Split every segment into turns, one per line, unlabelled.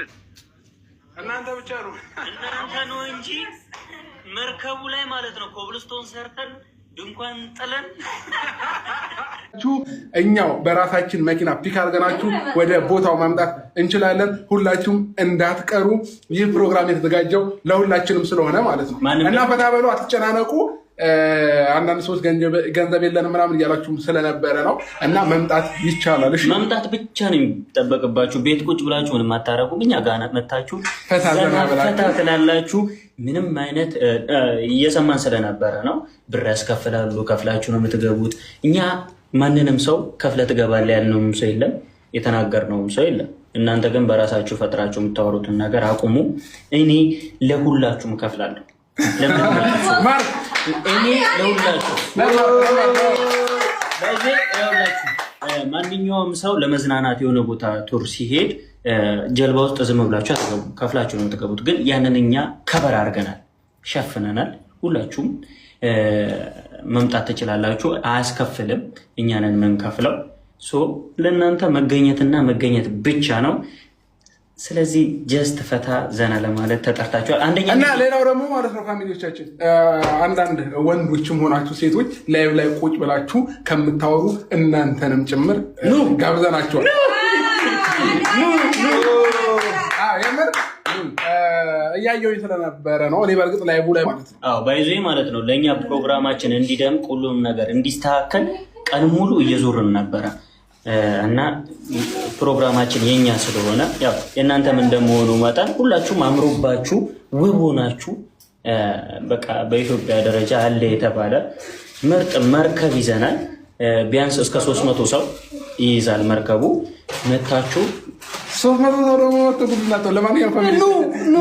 ቡድን እናንተ ብቻ ነው
እናንተ ነው እንጂ መርከቡ ላይ ማለት ነው ኮብልስቶን ሰርተን ድንኳን ጥለን
እኛው በራሳችን መኪና ፒክ አድርገናችሁ ወደ ቦታው ማምጣት እንችላለን። ሁላችሁም እንዳትቀሩ። ይህ ፕሮግራም የተዘጋጀው ለሁላችንም ስለሆነ ማለት ነው እና ፈታ በሉ፣ አትጨናነቁ። አንዳንድ ሰዎች ገንዘብ የለንም ምናምን እያላችሁ ስለነበረ ነው እና መምጣት ይቻላል።
መምጣት ብቻ ነው የሚጠበቅባችሁ። ቤት ቁጭ ብላችሁ ምንም አታረጉ። እኛ ጋ መታችሁ
ፈታ
ትላላችሁ። ምንም አይነት እየሰማን ስለነበረ ነው። ብር ያስከፍላሉ፣ ከፍላችሁ ነው የምትገቡት። እኛ ማንንም ሰው ከፍለ ትገባለ ያልነውም ሰው የለም፣ የተናገርነውም ሰው የለም። እናንተ ግን በራሳችሁ ፈጥራችሁ የምታወሩትን ነገር አቁሙ። እኔ ለሁላችሁም ከፍላለሁ። እኔ ለሁላችሁ ማንኛውም ሰው ለመዝናናት የሆነ ቦታ ቱር ሲሄድ ጀልባ ውስጥ ዝም ብላችሁ አትገቡ፣ ከፍላችሁ ነው የምትገቡት። ግን ያንን እኛ ከበር አድርገናል፣ ሸፍነናል። ሁላችሁም መምጣት ትችላላችሁ፣ አያስከፍልም። እኛንን ምንከፍለው ለእናንተ መገኘትና መገኘት ብቻ ነው። ስለዚህ ጀስት ፈታ ዘና ለማለት ተጠርታችኋል።
አንደኛ እና ሌላው ደግሞ ማለት ነው ፋሚሊዎቻችን፣ አንዳንድ ወንዶችም ሆናችሁ ሴቶች ላይ ላይ ቁጭ ብላችሁ ከምታወሩ እናንተንም ጭምር ጋብዘናችኋል። እያየው ስለነበረ ነው። እኔ በእርግጥ ላይ ላይ ማለት
ነው ባይዜ ማለት ነው ለእኛ ፕሮግራማችን እንዲደምቅ ሁሉም ነገር እንዲስተካከል ቀን ሙሉ እየዞርን ነበረ። እና ፕሮግራማችን የኛ ስለሆነ ያው የእናንተም እንደመሆኑ መጠን ሁላችሁም አምሮባችሁ ውብ ሆናችሁ በቃ በኢትዮጵያ ደረጃ አለ የተባለ ምርጥ መርከብ ይዘናል። ቢያንስ እስከ ሶስት መቶ ሰው ይይዛል መርከቡ። መታችሁ
ሶስት መቶ ሰው ደግሞ ለማንኛውም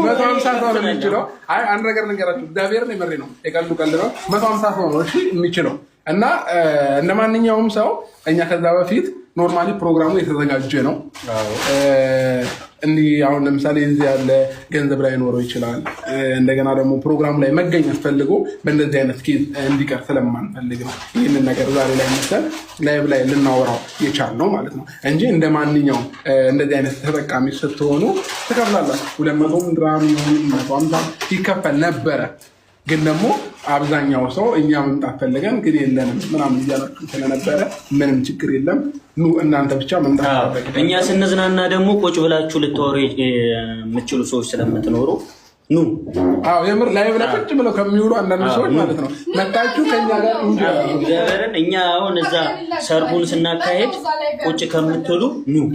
መቶ ሀምሳ ሰው ነው የሚችለው። አይ አንድ ነገር ልንገራችሁ፣ እግዚአብሔርን ነው፣ ነው። መቶ ሀምሳ ሰው ነው እሺ የሚችለው እና እንደ ማንኛውም ሰው እኛ ከዛ በፊት ኖርማሊ ፕሮግራሙ የተዘጋጀ ነው። እንዲህ አሁን ለምሳሌ እዚህ ያለ ገንዘብ ላይ ኖረው ይችላል። እንደገና ደግሞ ፕሮግራሙ ላይ መገኘት ፈልጎ በእንደዚህ አይነት ኬዝ እንዲቀር ስለማንፈልግ ነው ይህንን ነገር ዛሬ ላይ መሰል ላይብ ላይ ልናወራው የቻል ነው ማለት ነው እንጂ እንደ ማንኛውም እንደዚህ አይነት ተጠቃሚ ስትሆኑ ትከፍላላችሁ። ሁለት መቶም ድራም ይሁን መቶ ይከፈል ነበረ ግን ደግሞ አብዛኛው ሰው እኛ መምጣት ፈልገን ግን የለንም ምናምን እያላችሁ ስለነበረ ምንም ችግር የለም። ኑ እናንተ ብቻ መምጣት
እኛ ስንዝናና ደግሞ ቁጭ ብላችሁ ልታወሩ የምችሉ ሰዎች ስለምትኖሩ ኑ።
አዎ የምር ላይ ብላ ቁጭ ብለው ከሚውሉ አንዳንድ ሰዎች ማለት ነው መታችሁ ከኛ ጋር
እግዚአብሔርን እኛ አሁን እዛ ሰርጉን ስናካሄድ ቁጭ ከምትሉ ኑ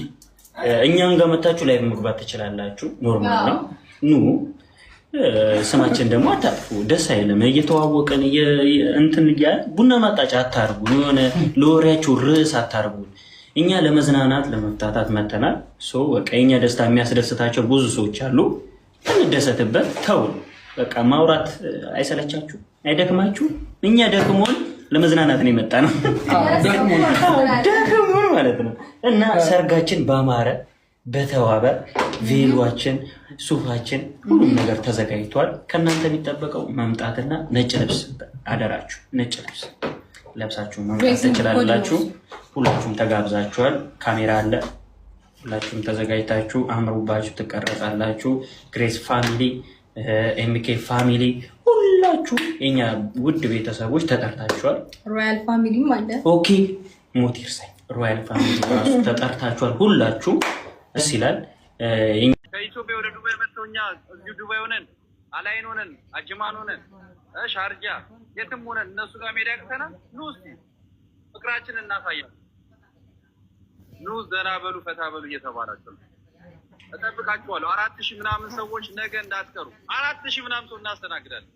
እኛን ጋር መታችሁ ላይ መግባት ትችላላችሁ። ኖርማል ነው ኑ ስማችን ደግሞ አታጥፉ። ደስ አይልም። እየተዋወቀን እንትን እያ ቡና ማጣጫ አታርጉ። የሆነ ለወሬያችሁ ርዕስ አታርጉ። እኛ ለመዝናናት ለመፍታታት መተናል። በቃ የኛ ደስታ የሚያስደስታቸው ብዙ ሰዎች አሉ። እንደሰትበት ተው። በቃ ማውራት አይሰለቻችሁ? አይደክማችሁ? እኛ ደክሞን ለመዝናናት ነው የመጣ ነው።
ደክሞን ማለት ነው
እና ሰርጋችን ባማረ በተዋበ ቬሏችን፣ ሱፋችን፣ ሁሉም ነገር ተዘጋጅቷል። ከእናንተ የሚጠበቀው መምጣትና ነጭ ልብስ አደራችሁ፣ ነጭ ልብስ ለብሳችሁ መምጣት ትችላላችሁ። ሁላችሁም ተጋብዛችኋል። ካሜራ አለ። ሁላችሁም ተዘጋጅታችሁ አምሮባችሁ ትቀረጻላችሁ። ግሬስ ፋሚሊ፣ ኤምኬ ፋሚሊ ሁላችሁ የኛ ውድ ቤተሰቦች ተጠርታችኋል።
ሮያል ፋሚሊም አለ።
ኦኬ ሞት ይርሳኝ። ሮያል ፋሚሊ ራሱ ተጠርታችኋል ሁላችሁ ደስ ይላል።
ከኢትዮጵያ ወደ ዱባይ መጥተው እኛ እዚሁ ዱባይ ሆነን አላይን ሆነን አጅማን ሆነን ሻርጃ የትም ሆነን እነሱ ጋር ሜዳ ያቅተናል። ኑ እስኪ ፍቅራችን እናሳያለን። ኑ ዘና በሉ ፈታ በሉ እየተባላቸው ነው። እጠብቃችኋለሁ። አራት ሺህ ምናምን ሰዎች ነገ እንዳትቀሩ። አራት ሺህ ምናምን ሰው እናስተናግዳለን።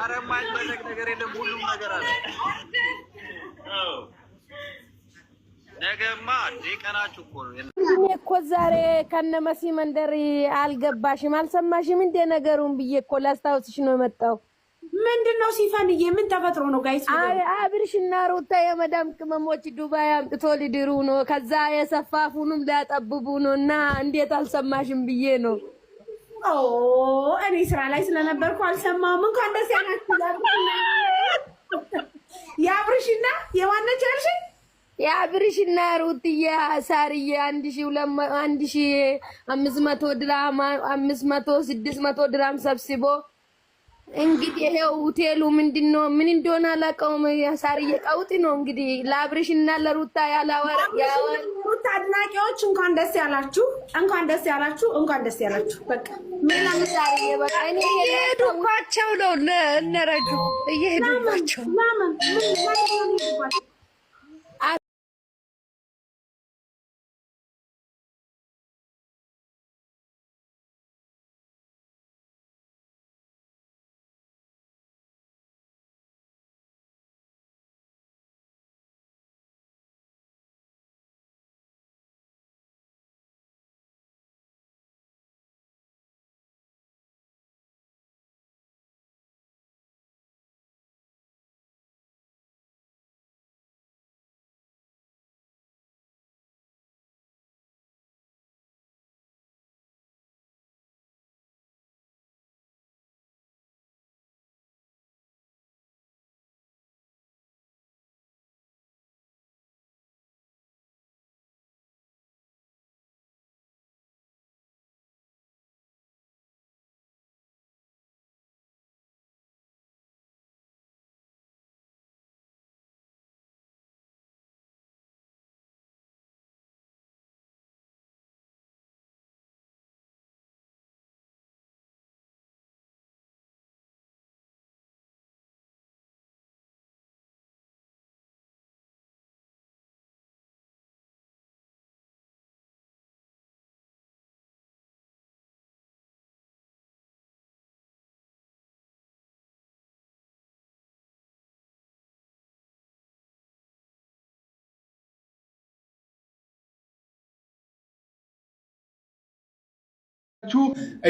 አረ የማይፈለግ ነገር የለም። ሁሉም ነገር አለ። ነገማ እንደ ቀናችሁ እኮ ነው።
እኔ እኮ ዛሬ ከነመሲ መንደር አልገባሽም አልሰማሽም እንዴ ነገሩን ብዬ እኮ ላስታውስሽ ነው የመጣው።
ምንድን ነው ሲፈንዬ? ምን ተፈጥሮ ነው ጋይስ?
አብርሽና ሩታ የመዳም ቅመሞች ዱባይ አምጥቶ ሊድሩ ነው፣ ከዛ የሰፋፉንም ሊያጠብቡ ነው። እና እንዴት አልሰማሽም ብዬ ነው።
እኔ ስራ ላይ ስለነበርኩ አልሰማሁም። እንኳን ደስ ያላችሁ። የአብርሽና የማነች ያልሽኝ
የአብርሽና ሩትዬ ሳርዬ አንድ ሺ አንድ ሺ አምስት መቶ ድራም አምስት መቶ ስድስት መቶ ድራም ሰብስቦ እንግዲህ ይሄው ሆቴሉ ምንድን ነው? ምን እንደሆነ አላውቀውም። ሳርዬ ቀውጢ ነው እንግዲህ ለአብርሽና ለሩታ ያላወራ
ሩታ አድናቂዎች እንኳን ደስ ያላችሁ፣ እንኳን ደስ ያላችሁ፣ እንኳን ደስ ያላችሁ። በቃ ምንም ሳርዬ በቃ
እኔ እየሄዱባቸው ነው እነረጁ እየሄዱባቸው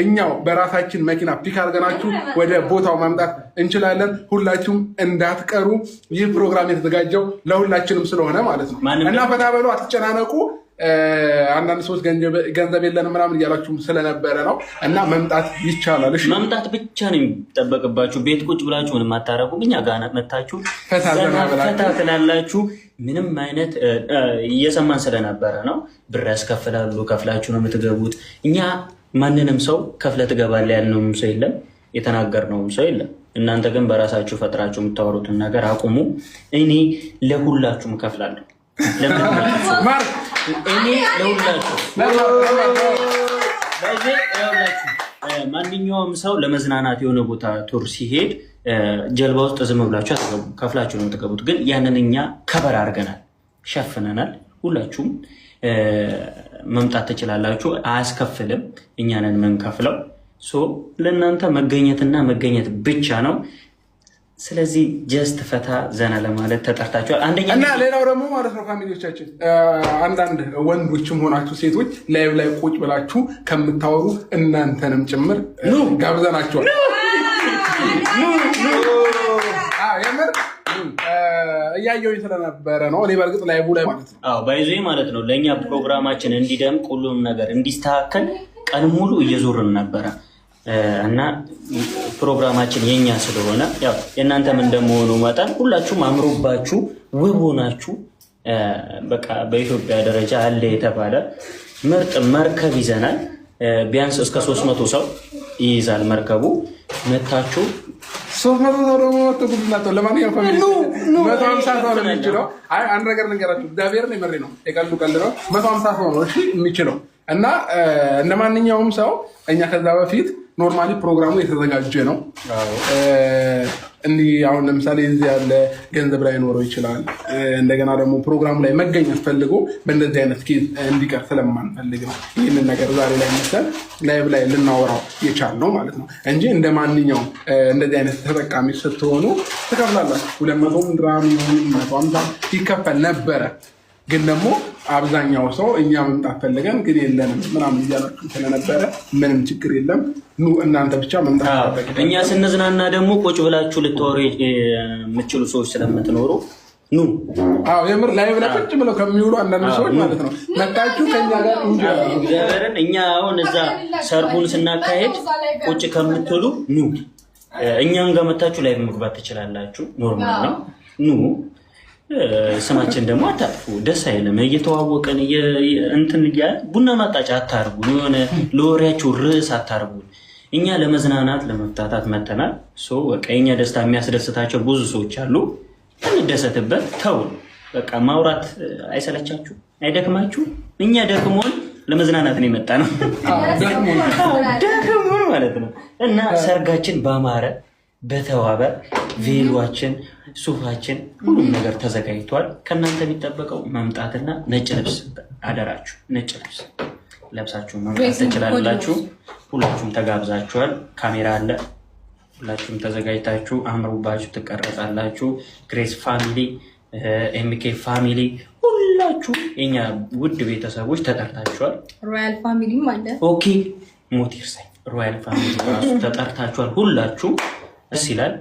እኛው በራሳችን መኪና ፒክ አድርገናችሁ ወደ ቦታው ማምጣት እንችላለን። ሁላችሁም እንዳትቀሩ። ይህ ፕሮግራም የተዘጋጀው ለሁላችንም ስለሆነ ማለት ነው እና ፈታ በሉ፣ አትጨናነቁ። አንዳንድ ሰዎች ገንዘብ የለንም ምናምን እያላችሁም ስለነበረ ነው እና መምጣት ይቻላል።
መምጣት ብቻ ነው የሚጠበቅባችሁ። ቤት ቁጭ ብላችሁ ምንም አታረጉም። እኛ ጋር መታችሁ
ፈታ
ትላላችሁ። ምንም አይነት እየሰማን ስለነበረ ነው። ብር ያስከፍላሉ፣ ከፍላችሁ ነው የምትገቡት እኛ ማንንም ሰው ከፍለ ትገባለ ያልነውም ሰው የለም፣ የተናገርነውም ሰው የለም። እናንተ ግን በራሳችሁ ፈጥራችሁ የምታወሩትን ነገር አቁሙ። እኔ ለሁላችሁም እከፍላለሁ። እኔ ለሁላችሁ ማንኛውም ሰው ለመዝናናት የሆነ ቦታ ቱር ሲሄድ ጀልባ ውስጥ ዝም ብላችሁ አትገቡም፣ ከፍላችሁ ነው የምትገቡት። ግን ያንን እኛ ከበር አድርገናል፣ ሸፍነናል። ሁላችሁም መምጣት ትችላላችሁ። አያስከፍልም፣ እኛንን ምንከፍለው ለእናንተ መገኘትና መገኘት ብቻ ነው። ስለዚህ ጀስት ፈታ ዘና ለማለት ተጠርታችኋል።
አንደኛ እና ሌላው ደግሞ ማለት ነው ፋሚሊዎቻችን፣ አንዳንድ ወንዶችም ሆናችሁ ሴቶች ላይ ላይ ቁጭ ብላችሁ ከምታወሩ እናንተንም ጭምር ጋብዘናችኋል። እያየሁኝ ስለነበረ ነው። እኔ በእርግጥ ላይቡ ላይ ማለት
ነው ባይዞ ማለት ነው ለእኛ ፕሮግራማችን እንዲደምቅ ሁሉም ነገር እንዲስተካከል ቀን ሙሉ እየዞርን ነበረ እና ፕሮግራማችን የኛ ስለሆነ ያው የእናንተም እንደመሆኑ መጠን ሁላችሁም አምሮባችሁ ውብ ሆናችሁ በቃ በኢትዮጵያ ደረጃ አለ የተባለ ምርጥ መርከብ ይዘናል። ቢያንስ እስከ ሶስት መቶ ሰው ይይዛል መርከቡ መታችሁ
ሶስት መቶ ሰው ደግሞ መቶ ጉድላቸው። ለማንኛውም መቶ ሀምሳ ሰው ነው የሚችለው። አይ አንድ ነገር ልንገራችሁ፣ ነው የምሬ ነው፣ የቀልዱ ቀልድ ነው። መቶ ሀምሳ ሰው ነው እሺ የሚችለው እና እንደ ማንኛውም ሰው እኛ ከዛ በፊት ኖርማሊ ፕሮግራሙ የተዘጋጀ ነው። እንዲህ አሁን ለምሳሌ እዚህ ያለ ገንዘብ ላይ ኖረው ይችላል። እንደገና ደግሞ ፕሮግራሙ ላይ መገኘት ፈልጎ በእንደዚህ አይነት ኬዝ እንዲቀር ስለማንፈልግ ነው ይህንን ነገር ዛሬ ላይ መሰል ላይቭ ላይ ልናወራው የቻልነው ማለት ነው እንጂ እንደ ማንኛውም እንደዚህ አይነት ተጠቃሚ ስትሆኑ ትከፍላላችሁ። ሁለት መቶም ድራም ይሁን መቶ አምሳ ይከፈል ነበረ። ግን ደግሞ አብዛኛው ሰው እኛ መምጣት ፈልገን ግን የለንም ምናምን እያላችሁ ስለነበረ ምንም ችግር የለም። ኑ እናንተ ብቻ መምጣት
እኛ ስንዝናና ደግሞ ቁጭ ብላችሁ ልታወሩ የምችሉ ሰዎች ስለምትኖሩ ኑ።
አዎ የምር ላይ ብለ ቁጭ ብለው ከሚውሉ አንዳንድ ሰዎች ማለት ነው መጣችሁ ከኛ ጋር
እግዚአብሔርን እኛ አሁን እዛ ሰርጉን ስናካሄድ ቁጭ ከምትሉ ኑ እኛን ጋር መታችሁ ላይ መግባት ትችላላችሁ። ኖርማል ነው ኑ ስማችን ደግሞ አታጥፉ። ደስ አይልም። እየተዋወቀን እንትን እያ ቡና ማጣጫ አታርጉን። የሆነ ለወሬያችሁ ርዕስ አታርጉን። እኛ ለመዝናናት ለመፍታታት መተናል። በቃ የኛ ደስታ የሚያስደስታቸው ብዙ ሰዎች አሉ። እንደሰትበት ተው በቃ ማውራት አይሰለቻችሁ? አይደክማችሁ? እኛ ደክሞን ለመዝናናት ነው የመጣ ነው።
ደክሞን ማለት ነው
እና ሰርጋችን ባማረ በተዋበ ቬሏችን ሱፋችን፣ ሁሉም ነገር ተዘጋጅቷል። ከእናንተ የሚጠበቀው መምጣትና ነጭ ልብስ አደራችሁ፣ ነጭ ልብስ ለብሳችሁ መምጣት ትችላላችሁ። ሁላችሁም ተጋብዛችኋል። ካሜራ አለ። ሁላችሁም ተዘጋጅታችሁ አምሮባችሁ ትቀረጻላችሁ። ግሬስ ፋሚሊ፣ ኤምኬ ፋሚሊ ሁላችሁ የኛ ውድ ቤተሰቦች ተጠርታችኋል።
ሮያል ፋሚሊ አለ።
ኦኬ ሞት ይርሳኝ። ሮያል ፋሚሊ ራሱ ተጠርታችኋል። ሁላችሁ ደስ ይላል።